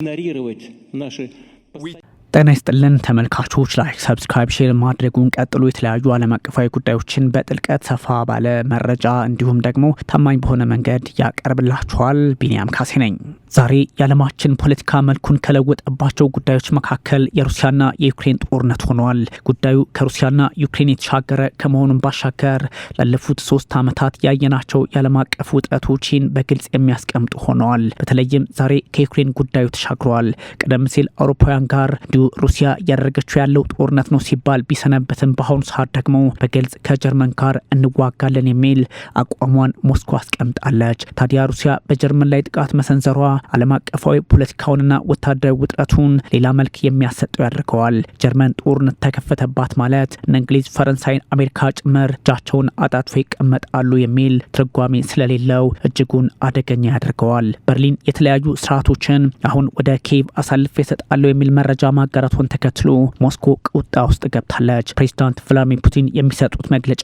игнорировать наши ጤና ይስጥልን ተመልካቾች፣ ላይክ ሰብስክራይብ፣ ሼር ማድረጉን ቀጥሎ የተለያዩ ዓለም አቀፋዊ ጉዳዮችን በጥልቀት ሰፋ ባለ መረጃ እንዲሁም ደግሞ ታማኝ በሆነ መንገድ ያቀርብላችኋል። ቢንያም ካሴ ነኝ። ዛሬ የዓለማችን ፖለቲካ መልኩን ከለወጠባቸው ጉዳዮች መካከል የሩሲያና የዩክሬን ጦርነት ሆኗል። ጉዳዩ ከሩሲያና ዩክሬን የተሻገረ ከመሆኑን ባሻገር ላለፉት ሶስት ዓመታት ያየናቸው የዓለም አቀፍ ውጥረቶችን በግልጽ የሚያስቀምጡ ሆነዋል። በተለይም ዛሬ ከዩክሬን ጉዳዩ ተሻግሯል። ቀደም ሲል አውሮፓውያን ጋር በሰዓዲው ሩሲያ እያደረገችው ያለው ጦርነት ነው ሲባል ቢሰነበትም በአሁኑ ሰዓት ደግሞ በግልጽ ከጀርመን ጋር እንዋጋለን የሚል አቋሟን ሞስኮ አስቀምጣለች። ታዲያ ሩሲያ በጀርመን ላይ ጥቃት መሰንዘሯ ዓለም አቀፋዊ ፖለቲካውንና ወታደራዊ ውጥረቱን ሌላ መልክ የሚያሰጠው ያደርገዋል። ጀርመን ጦርነት ተከፈተባት ማለት እነ እንግሊዝ፣ ፈረንሳይን፣ አሜሪካ ጭምር እጃቸውን አጣጥፎ ይቀመጣሉ የሚል ትርጓሜ ስለሌለው እጅጉን አደገኛ ያደርገዋል። በርሊን የተለያዩ ስርዓቶችን አሁን ወደ ኬቭ አሳልፎ ይሰጣለሁ የሚል መረጃ ማጋራቷን ተከትሎ ሞስኮ ቁጣ ውስጥ ገብታለች። ፕሬዚዳንት ቭላዲሚር ፑቲን የሚሰጡት መግለጫ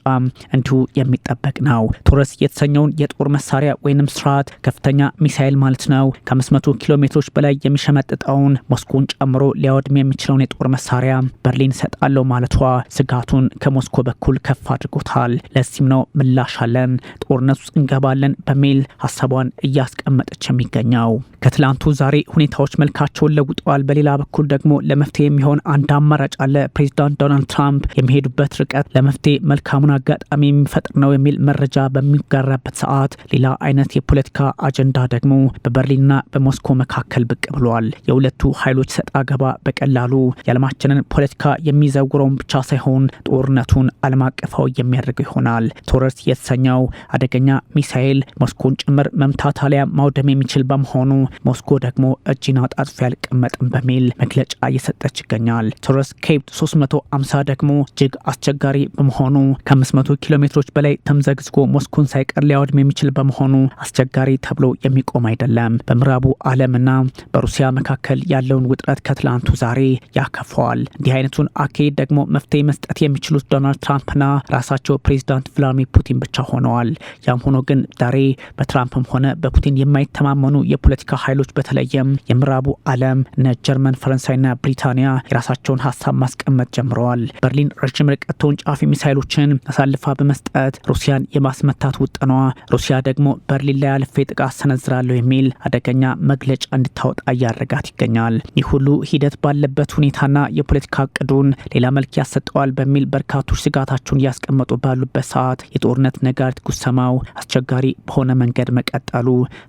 እንዲሁ የሚጠበቅ ነው። ቶረስ የተሰኘውን የጦር መሳሪያ ወይንም ስርዓት ከፍተኛ ሚሳይል ማለት ነው ከ500 ኪሎ ሜትሮች በላይ የሚሸመጥጠውን ሞስኮን ጨምሮ ሊያወድም የሚችለውን የጦር መሳሪያ በርሊን ሰጣለው ማለቷ ስጋቱን ከሞስኮ በኩል ከፍ አድርጎታል። ለዚህም ነው ምላሽ አለን ጦርነት ውስጥ እንገባለን በሚል ሀሳቧን እያስቀመጠች የሚገኘው። ከትላንቱ ዛሬ ሁኔታዎች መልካቸውን ለውጠዋል። በሌላ በኩል ደግሞ ለመፍትሄ የሚሆን አንድ አማራጭ አለ። ፕሬዚዳንት ዶናልድ ትራምፕ የሚሄዱበት ርቀት ለመፍትሄ መልካሙን አጋጣሚ የሚፈጥር ነው የሚል መረጃ በሚጋራበት ሰዓት ሌላ አይነት የፖለቲካ አጀንዳ ደግሞ በበርሊንና በሞስኮ መካከል ብቅ ብሏል። የሁለቱ ኃይሎች ሰጣ አገባ በቀላሉ የዓለማችንን ፖለቲካ የሚዘውረውን ብቻ ሳይሆን ጦርነቱን ዓለም አቀፋዊ የሚያደርገው ይሆናል። ቶረስ የተሰኘው አደገኛ ሚሳኤል ሞስኮን ጭምር መምታት አሊያ ማውደም የሚችል በመሆኑ ሞስኮ ደግሞ እጅና ጣጥፍ ያልቀመጥም በሚል መግለጫ እየሰጠች ይገኛል። ቶረስ ኬፕ 350 ደግሞ እጅግ አስቸጋሪ በመሆኑ ከ500 ኪሎ ሜትሮች በላይ ተምዘግዝጎ ሞስኩን ሳይቀር ሊያወድም የሚችል በመሆኑ አስቸጋሪ ተብሎ የሚቆም አይደለም። በምዕራቡ ዓለምና በሩሲያ መካከል ያለውን ውጥረት ከትላንቱ ዛሬ ያከፈዋል። እንዲህ አይነቱን አካሄድ ደግሞ መፍትሄ መስጠት የሚችሉት ዶናልድ ትራምፕና ራሳቸው ፕሬዚዳንት ቭላድሚር ፑቲን ብቻ ሆነዋል። ያም ሆኖ ግን ዛሬ በትራምፕም ሆነ በፑቲን የማይተማመኑ የፖለቲካ ኃይሎች በተለይም የምዕራቡ ዓለም እነ ጀርመን፣ ፈረንሳይና ብሪ ብሪታንያ የራሳቸውን ሀሳብ ማስቀመጥ ጀምረዋል። በርሊን ረዥም ርቀት ተወንጫፊ ሚሳይሎችን አሳልፋ በመስጠት ሩሲያን የማስመታት ውጥኗ ሩሲያ ደግሞ በርሊን ላይ አልፌ ጥቃት ሰነዝራለሁ የሚል አደገኛ መግለጫ እንድታወጣ እያደረጋት ይገኛል። ይህ ሁሉ ሂደት ባለበት ሁኔታና የፖለቲካ እቅዱን ሌላ መልክ ያሰጠዋል በሚል በርካቶች ስጋታቸውን እያስቀመጡ ባሉበት ሰዓት የጦርነት ነጋሪት ጉሰማው አስቸጋሪ በሆነ መንገድ መቀጠሉ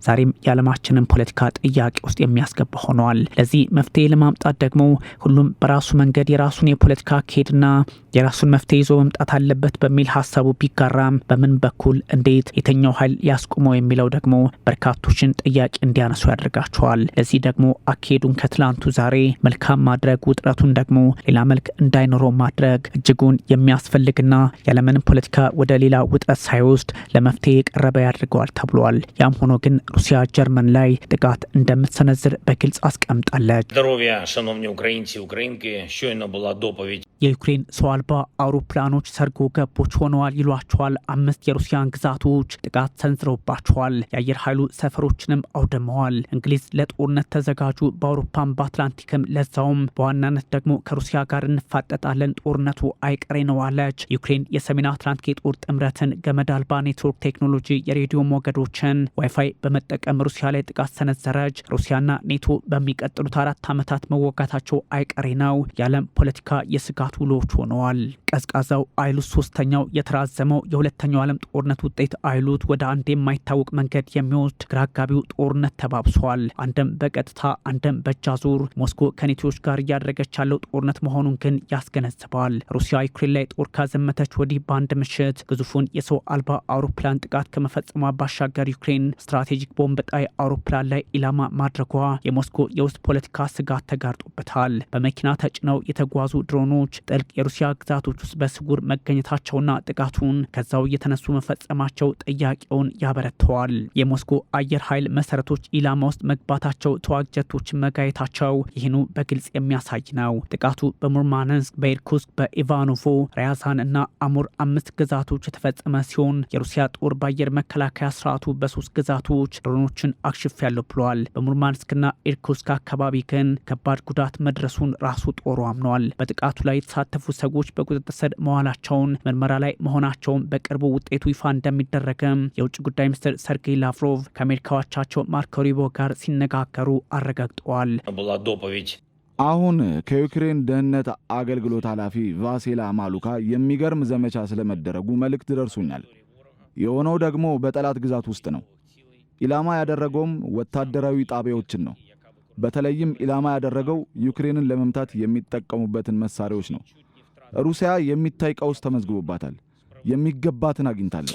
ዛሬም የዓለማችንን ፖለቲካ ጥያቄ ውስጥ የሚያስገባ ሆኗል። ለዚህ መፍትሄ ለማምጣት ደግሞ ሁሉም በራሱ መንገድ የራሱን የፖለቲካ አካሄድና የራሱን መፍትሄ ይዞ መምጣት አለበት በሚል ሀሳቡ ቢጋራም በምን በኩል እንዴት የተኛው ኃይል ያስቆመው የሚለው ደግሞ በርካቶችን ጥያቄ እንዲያነሱ ያደርጋቸዋል። ለዚህ ደግሞ አካሄዱን ከትላንቱ ዛሬ መልካም ማድረግ፣ ውጥረቱን ደግሞ ሌላ መልክ እንዳይኖረው ማድረግ እጅጉን የሚያስፈልግና ያለምንም ፖለቲካ ወደ ሌላ ውጥረት ሳይወስድ ለመፍትሄ የቀረበ ያደርገዋል ተብሏል። ያም ሆኖ ግን ሩሲያ ጀርመን ላይ ጥቃት እንደምትሰነዝር በግልጽ አስቀምጣለች። українці, українки щойно була доповідь የዩክሬን ሰው አልባ አውሮፕላኖች ሰርጎ ገቦች ሆነዋል ይሏቸዋል። አምስት የሩሲያን ግዛቶች ጥቃት ሰንዝረውባቸዋል። የአየር ኃይሉ ሰፈሮችንም አውድመዋል። እንግሊዝ ለጦርነት ተዘጋጁ፣ በአውሮፓም በአትላንቲክም ለዛውም፣ በዋናነት ደግሞ ከሩሲያ ጋር እንፋጠጣለን፣ ጦርነቱ አይቀሬ ነው አለች። ዩክሬን የሰሜን አትላንቲክ የጦር ጥምረትን ገመድ አልባ ኔትወርክ ቴክኖሎጂ፣ የሬዲዮ ሞገዶችን፣ ዋይፋይ በመጠቀም ሩሲያ ላይ ጥቃት ሰነዘረች። ሩሲያና ኔቶ በሚቀጥሉት አራት ዓመታት መወጋታቸው አይቀሬ ነው። የዓለም ፖለቲካ የስጋቱ የዕለት ውሎች ሆነዋል። ቀዝቃዛው አይሉት ሶስተኛው የተራዘመው የሁለተኛው ዓለም ጦርነት ውጤት አይሉት ወደ አንድ የማይታወቅ መንገድ የሚወስድ ግራ አጋቢው ጦርነት ተባብሷል። አንድም በቀጥታ አንድም በእጅ ዙር ሞስኮ ከኔቶዎች ጋር እያደረገች ያለው ጦርነት መሆኑን ግን ያስገነዝባል። ሩሲያ ዩክሬን ላይ ጦር ካዘመተች ወዲህ በአንድ ምሽት ግዙፉን የሰው አልባ አውሮፕላን ጥቃት ከመፈጸሟ ባሻገር ዩክሬን ስትራቴጂክ ቦምብ ጣይ አውሮፕላን ላይ ኢላማ ማድረጓ የሞስኮ የውስጥ ፖለቲካ ስጋት ተጋርጦበታል። በመኪና ተጭነው የተጓዙ ድሮኖች ጥልቅ የሩሲያ ግዛቶች ውስጥ በስጉር መገኘታቸውና ጥቃቱን ከዛው እየተነሱ መፈጸማቸው ጥያቄውን ያበረተዋል። የሞስኮ አየር ኃይል መሰረቶች ኢላማ ውስጥ መግባታቸው፣ ተዋጊ መጋየታቸው ይህኑ በግልጽ የሚያሳይ ነው። ጥቃቱ በሙርማንስክ፣ በኢርኩስክ፣ በኢቫኖቮ ሪያዛን እና አሙር አምስት ግዛቶች የተፈጸመ ሲሆን የሩሲያ ጦር በአየር መከላከያ ስርዓቱ በሶስት ግዛቶች ድሮኖችን አክሽፍ ያለው ብሏል። በሙርማንስክና ኢርኩስክ አካባቢ ግን ከባድ ጉዳት መድረሱን ራሱ ጦሩ አምኗል። በጥቃቱ ላይ የተሳተፉ ሰዎች በቁጥጥር ስር መዋላቸውን ምርመራ ላይ መሆናቸውን በቅርቡ ውጤቱ ይፋ እንደሚደረግም የውጭ ጉዳይ ሚኒስትር ሰርጌይ ላቭሮቭ ከአሜሪካው አቻቸው ማርኮ ሩቢዮ ጋር ሲነጋገሩ አረጋግጠዋል። አሁን ከዩክሬን ደህንነት አገልግሎት ኃላፊ ቫሴላ ማሉካ የሚገርም ዘመቻ ስለመደረጉ መልእክት ደርሶኛል። የሆነው ደግሞ በጠላት ግዛት ውስጥ ነው። ኢላማ ያደረገውም ወታደራዊ ጣቢያዎችን ነው። በተለይም ኢላማ ያደረገው ዩክሬንን ለመምታት የሚጠቀሙበትን መሳሪያዎች ነው። ሩሲያ የሚታይ ቀውስ ተመዝግቦባታል። የሚገባትን አግኝታለች።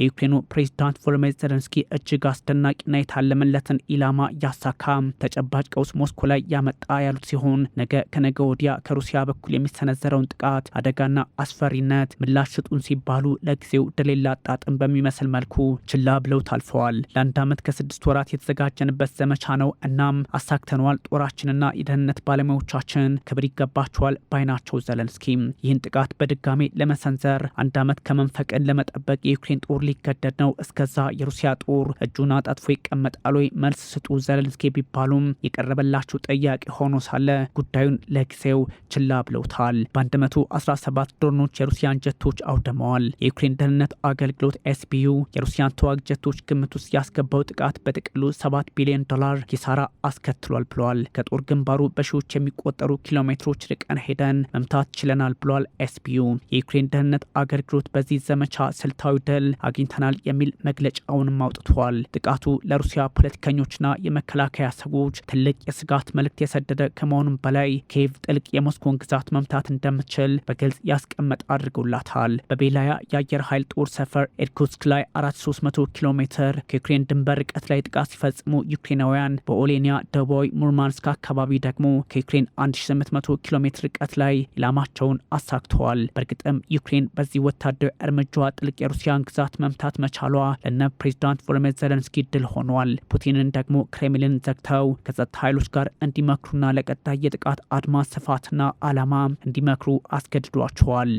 የዩክሬኑ ፕሬዚዳንት ቮሎዲሚር ዘለንስኪ እጅግ አስደናቂና የታለመለትን ኢላማ ያሳካ ተጨባጭ ቀውስ ሞስኮ ላይ ያመጣ ያሉት ሲሆን ነገ ከነገ ወዲያ ከሩሲያ በኩል የሚሰነዘረውን ጥቃት አደጋና አስፈሪነት ምላሽ ስጡን ሲባሉ ለጊዜው ደሌላ አጣጥም በሚመስል መልኩ ችላ ብለው ታልፈዋል። ለአንድ ዓመት ከስድስት ወራት የተዘጋጀንበት ዘመቻ ነው። እናም አሳክተነዋል። ጦራችንና የደህንነት ባለሙያዎቻችን ክብር ይገባቸዋል ባይናቸው ዘለንስኪ ይህን ጥቃት በድጋሜ ለመሰንዘር አንድ ዓመት ከመንፈቅን ለመጠበቅ የዩክሬን ጦር ሊገደድ ነው። እስከዛ የሩሲያ ጦር እጁን አጣጥፎ ይቀመጣል ወይ? መልስ ስጡ ዘለንስኪ ቢባሉም የቀረበላቸው ጥያቄ ሆኖ ሳለ ጉዳዩን ለጊዜው ችላ ብለውታል። በ117 ድሮኖች የሩሲያን ጀቶች አውድመዋል። የዩክሬን ደህንነት አገልግሎት ኤስቢዩ የሩሲያን ተዋጊ ጀቶች ግምት ውስጥ ያስገባው ጥቃት በጥቅሉ 7 ቢሊዮን ዶላር ኪሳራ አስከትሏል ብለዋል። ከጦር ግንባሩ በሺዎች የሚቆጠሩ ኪሎሜትሮች ርቀን ሄደን መምታት ችለናል ብሏል ኤስቢዩ። የዩክሬን ደህንነት አገልግሎት በዚህ ዘመቻ ስልታዊ ድል አግኝተናል የሚል መግለጫውንም አውጥቷል። ጥቃቱ ለሩሲያ ፖለቲከኞችና የመከላከያ ሰዎች ትልቅ የስጋት መልእክት የሰደደ ከመሆኑም በላይ ኬቭ ጥልቅ የሞስኮን ግዛት መምታት እንደምትችል በግልጽ ያስቀመጠ አድርጎላታል። በቤላያ የአየር ኃይል ጦር ሰፈር ኢርኩትስክ ላይ 4300 ኪሎ ሜትር ከዩክሬን ድንበር ርቀት ላይ ጥቃት ሲፈጽሙ ዩክሬናውያን በኦሌኒያ ደቡባዊ ሙርማንስክ አካባቢ ደግሞ ከዩክሬን 1800 ኪሎ ሜትር ርቀት ላይ ኢላማቸውን አሳክተዋል። በእርግጥም ዩክሬን በዚህ ወታደራዊ እርምጃዋ ጥልቅ የሩሲያን ግዛት መምታት መቻሏ ለነ ፕሬዚዳንት ቮሎሜር ዘለንስኪ ድል ሆኗል። ፑቲንን ደግሞ ክሬምሊን ዘግተው ከጸጥታ ኃይሎች ጋር እንዲመክሩና ለቀጣይ የጥቃት አድማ ስፋትና ዓላማ እንዲመክሩ አስገድዷቸዋል።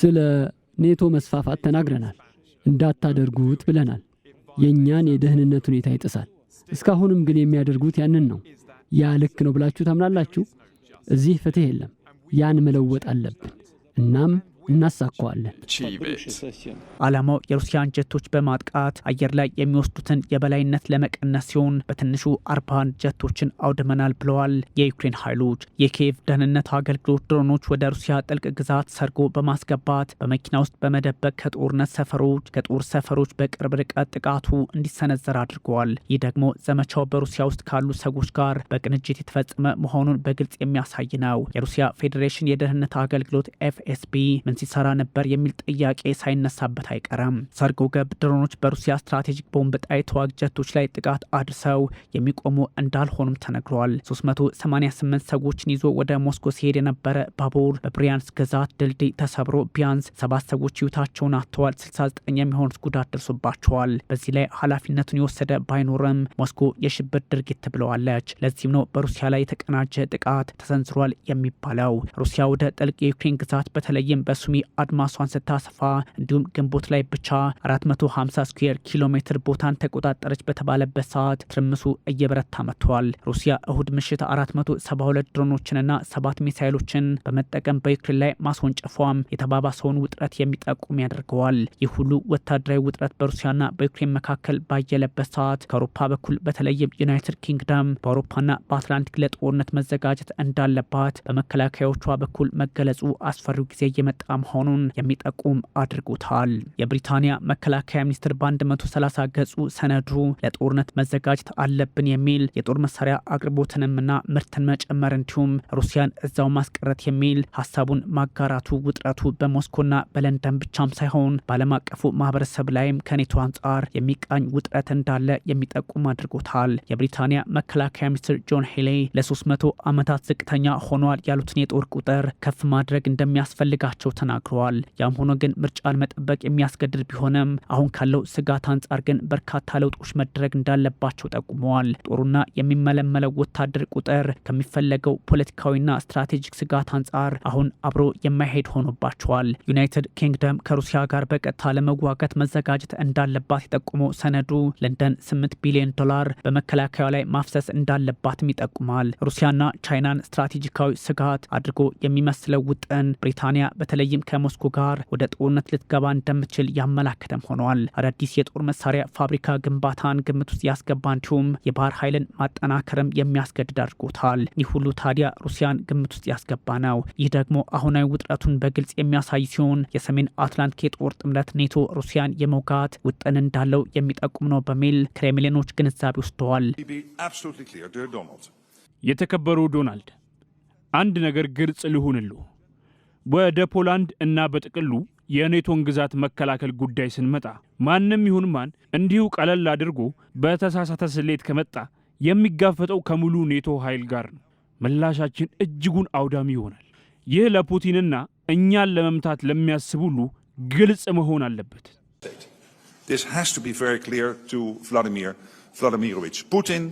ስለ ኔቶ መስፋፋት ተናግረናል። እንዳታደርጉት ብለናል። የእኛን የደህንነት ሁኔታ ይጥሳል። እስካሁንም ግን የሚያደርጉት ያንን ነው። ያ ልክ ነው ብላችሁ ታምናላችሁ? እዚህ ፍትህ የለም። ያን መለወጥ አለብን። እናም እናሳካዋለን። ዓላማው የሩሲያን ጀቶች በማጥቃት አየር ላይ የሚወስዱትን የበላይነት ለመቀነስ ሲሆን በትንሹ አርባ ጀቶችን አውድመናል ብለዋል የዩክሬን ኃይሎች። የኪየቭ ደህንነት አገልግሎት ድሮኖች ወደ ሩሲያ ጥልቅ ግዛት ሰርጎ በማስገባት በመኪና ውስጥ በመደበቅ ከጦርነት ሰፈሮች ከጦር ሰፈሮች በቅርብ ርቀት ጥቃቱ እንዲሰነዘር አድርገዋል። ይህ ደግሞ ዘመቻው በሩሲያ ውስጥ ካሉ ሰዎች ጋር በቅንጅት የተፈጸመ መሆኑን በግልጽ የሚያሳይ ነው። የሩሲያ ፌዴሬሽን የደህንነት አገልግሎት ኤፍኤስቢ ምን ሲሰራ ነበር የሚል ጥያቄ ሳይነሳበት አይቀርም። ሰርጎ ገብ ድሮኖች በሩሲያ ስትራቴጂክ ቦምብ ጣይ ተዋጊ ጀቶች ላይ ጥቃት አድርሰው የሚቆሙ እንዳልሆኑም ተነግሯል። 388 ሰዎችን ይዞ ወደ ሞስኮ ሲሄድ የነበረ ባቡር በብሪያንስ ግዛት ድልድይ ተሰብሮ ቢያንስ ሰባት ሰዎች ህይወታቸውን አጥተዋል። 69 የሚሆኑት ጉዳት ደርሶባቸዋል። በዚህ ላይ ኃላፊነቱን የወሰደ ባይኖርም ሞስኮ የሽብር ድርጊት ብለዋለች። ለዚህም ነው በሩሲያ ላይ የተቀናጀ ጥቃት ተሰንዝሯል የሚባለው። ሩሲያ ወደ ጥልቅ የዩክሬን ግዛት በተለይም በ ሱሚ አድማሷን ስታሰፋ እንዲሁም ግንቦት ላይ ብቻ 450 ስኩዌር ኪሎ ሜትር ቦታን ተቆጣጠረች በተባለበት ሰዓት ትርምሱ እየበረታ መጥቷል። ሩሲያ እሁድ ምሽት 472 ድሮኖችንና ሰባት ሚሳይሎችን በመጠቀም በዩክሬን ላይ ማስወንጨፏም የተባባሰውን ውጥረት የሚጠቁም ያደርገዋል። ይህ ሁሉ ወታደራዊ ውጥረት በሩሲያና በዩክሬን መካከል ባየለበት ሰዓት ከአውሮፓ በኩል በተለይም ዩናይትድ ኪንግደም በአውሮፓና በአትላንቲክ ለጦርነት መዘጋጀት እንዳለባት በመከላከያዎቿ በኩል መገለጹ አስፈሪው ጊዜ እየመጣ የተነሳ መሆኑን የሚጠቁም አድርጎታል። የብሪታንያ መከላከያ ሚኒስትር በ130 ገጹ ሰነዱ ለጦርነት መዘጋጀት አለብን የሚል የጦር መሳሪያ አቅርቦትንምና ምርትን መጨመር እንዲሁም ሩሲያን እዛው ማስቀረት የሚል ሀሳቡን ማጋራቱ ውጥረቱ በሞስኮና በለንደን ብቻም ሳይሆን በዓለም አቀፉ ማህበረሰብ ላይም ከኔቶ አንጻር የሚቃኝ ውጥረት እንዳለ የሚጠቁም አድርጎታል። የብሪታንያ መከላከያ ሚኒስትር ጆን ሄሊ ለ300 ዓመታት ዝቅተኛ ሆኗል ያሉትን የጦር ቁጥር ከፍ ማድረግ እንደሚያስፈልጋቸው ተናግረዋል። ያም ሆኖ ግን ምርጫን መጠበቅ የሚያስገድድ ቢሆንም አሁን ካለው ስጋት አንጻር ግን በርካታ ለውጦች መደረግ እንዳለባቸው ጠቁመዋል። ጦሩና የሚመለመለው ወታደር ቁጥር ከሚፈለገው ፖለቲካዊና ስትራቴጂክ ስጋት አንጻር አሁን አብሮ የማይሄድ ሆኖባቸዋል። ዩናይትድ ኪንግደም ከሩሲያ ጋር በቀጥታ ለመዋጋት መዘጋጀት እንዳለባት የጠቁመው ሰነዱ ለንደን 8 ቢሊዮን ዶላር በመከላከያ ላይ ማፍሰስ እንዳለባትም ይጠቁማል። ሩሲያና ቻይናን ስትራቴጂካዊ ስጋት አድርጎ የሚመስለው ውጥን ብሪታንያ በተለይ በተለይም ከሞስኮ ጋር ወደ ጦርነት ልትገባ እንደምትችል ያመላከተም ሆኗል። አዳዲስ የጦር መሳሪያ ፋብሪካ ግንባታን ግምት ውስጥ ያስገባ እንዲሁም የባህር ኃይልን ማጠናከርም የሚያስገድድ አድርጎታል። ይህ ሁሉ ታዲያ ሩሲያን ግምት ውስጥ ያስገባ ነው። ይህ ደግሞ አሁናዊ ውጥረቱን በግልጽ የሚያሳይ ሲሆን የሰሜን አትላንቲክ የጦር ጥምረት ኔቶ ሩሲያን የመውጋት ውጥን እንዳለው የሚጠቁም ነው በሚል ክሬምሊኖች ግንዛቤ ወስደዋል። የተከበሩ ዶናልድ፣ አንድ ነገር ግልጽ ልሁንልዎ ወደ ፖላንድ እና በጥቅሉ የኔቶን ግዛት መከላከል ጉዳይ ስንመጣ ማንም ይሁን ማን እንዲሁ ቀለል አድርጎ በተሳሳተ ስሌት ከመጣ የሚጋፈጠው ከሙሉ ኔቶ ኃይል ጋር ነው። ምላሻችን እጅጉን አውዳሚ ይሆናል። ይህ ለፑቲንና እኛን ለመምታት ለሚያስብ ሁሉ ግልጽ መሆን አለበት። ፑቲን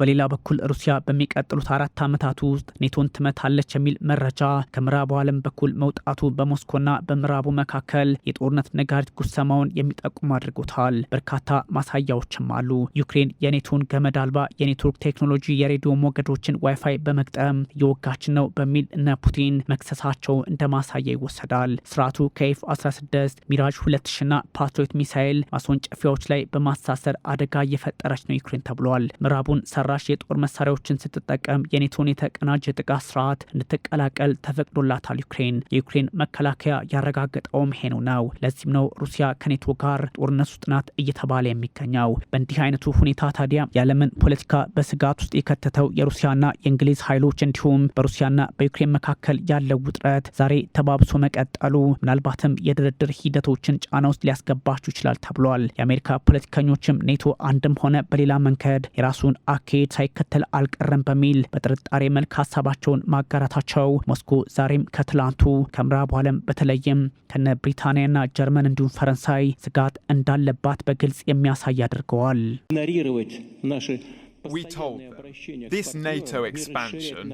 በሌላ በኩል ሩሲያ በሚቀጥሉት አራት ዓመታት ውስጥ ኔቶን ትመታለች የሚል መረጃ ከምዕራቡ ዓለም በኩል መውጣቱ በሞስኮና በምዕራቡ መካከል የጦርነት ነጋሪት ጉሰማውን የሚጠቁም አድርጎታል። በርካታ ማሳያዎችም አሉ። ዩክሬን የኔቶን ገመድ አልባ የኔትወርክ ቴክኖሎጂ የሬዲዮ ሞገዶችን ዋይፋይ በመግጠም እየወጋችን ነው በሚል እነ ፑቲን መክሰሳቸው እንደ ማሳያ ይወሰዳል። ስርዓቱ ከኤፍ 16 ሚራጅ 2000ና ፓትሪዮት ሚሳይል ማስወንጨፊያዎች ላይ በማሳሰር አደጋ እየፈጠረች ነው ዩክሬን ተብሏል። ምዕራቡን ሰራሽ የጦር መሳሪያዎችን ስትጠቀም የኔቶን የተቀናጀ የጥቃት ስርዓት እንድትቀላቀል ተፈቅዶላታል ዩክሬን። የዩክሬን መከላከያ ያረጋገጠውም ሄኑ ነው። ለዚህም ነው ሩሲያ ከኔቶ ጋር ጦርነት ውስጥ ናት እየተባለ የሚገኘው። በእንዲህ አይነቱ ሁኔታ ታዲያ የዓለምን ፖለቲካ በስጋት ውስጥ የከተተው የሩሲያና የእንግሊዝ ኃይሎች እንዲሁም በሩሲያና በዩክሬን መካከል ያለው ውጥረት ዛሬ ተባብሶ መቀጠሉ ምናልባትም የድርድር ሂደቶችን ጫና ውስጥ ሊያስገባቸው ይችላል ተብሏል። የአሜሪካ ፖለቲከኞችም ኔቶ አንድም ሆነ በሌላ መንገድ የራሱን አኪ አካሄድ ሳይከተል አልቀረም በሚል በጥርጣሬ መልክ ሀሳባቸውን ማጋራታቸው ሞስኮ ዛሬም ከትላንቱ ከምዕራቡ ዓለም በተለይም ከነ ብሪታንያና ጀርመን እንዲሁም ፈረንሳይ ስጋት እንዳለባት በግልጽ የሚያሳይ አድርገዋል። We told them this NATO expansion